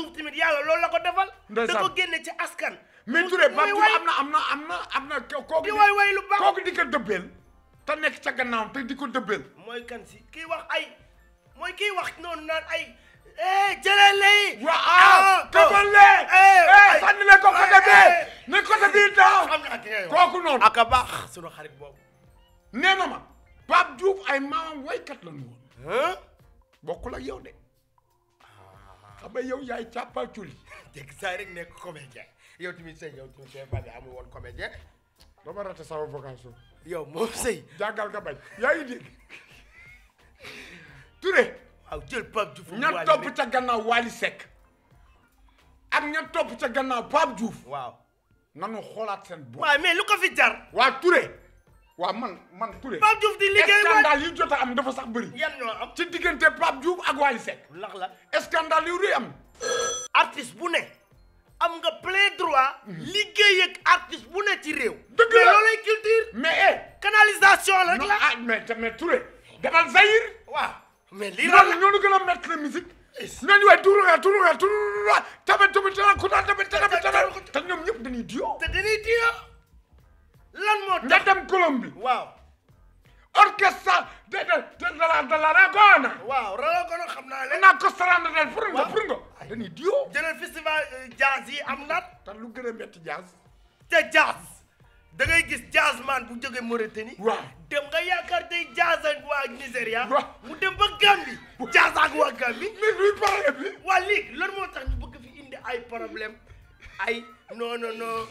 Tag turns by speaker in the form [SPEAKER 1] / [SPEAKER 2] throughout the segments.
[SPEAKER 1] Diouf tamit yàlla loolu la ko defal. da ko génne ci askan. mais Touré ba Diouf am na am na am na am na kooku. di ca gannaaw di ko dëbbeel. mooy kan si kii wax ay mooy wax noonu naan ay. Eh, jëlee lay. waaw kaman ah, ah, ah, le. Eh, eh, sànni la ko côté a baax sunu xarit boobu. nee na ma Pape Diouf ay maamam waykat la ñu woon. bokkul ak yow de. xam nga yow yaay càppal culi dégg saa rek nekk comédien yow tamit sëy yow tamit sëy Fadé amul woon comédien dama raté sama vocation yow moom sëy jàngal nga bañ yaa ngi dégg Touré waaw jël topp ca gannaaw Wally Seck ak ña topp ca gannaaw Pape Diouf waaw nanu xoolaat seen bopp waaw mais lu ko fi jar waa Touré waaw man man Touré. Pape Diouf di liggéey ba scandale yu jot a am dafa sax bëri. yan ñoo am ci diggante Pape Diouf ak Waly Seck. lax la scandale yu rëy am. artiste bu ne am nga plein droit. liggéey ak artiste bu ne ci réew. dëgg la mais loolay culture. mais eh. canalisation la la ah mais mais Touré. demal Zahir. waaw mais lii la ñoo ñu gën a mettre la musique. nañu waay tuuru nga tuuru nga tuuru nga tabe tabe tabe ku naan tabe tabe tabe te ñoom ñëpp dañuy diyo. colombe bi waaw orchestre de de de la de la Ragona waaw xam naa leen naa ko saranda del pour nga pour nga dañuy diyo jëlal festival euh, jazz yi am naat te lu gën a métti te jazz da ngay gis jazz man bu jógee Mauritanie waaw dem nga yaakaar tey jazz ak waa mu dem ba Gambie jazz ak waa Gambie mais luy problème bi waa léegi lan moo tax ñu bëgg fi indi ay problème ay non non non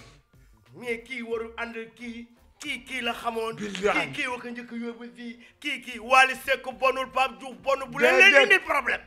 [SPEAKER 1] mais kii waru ànd kii kii kii la xamoon kii kii wax njëkk yóbbu fii kii kii Wally Seck bonul Pape Diouf bonul bu leen leen indi problème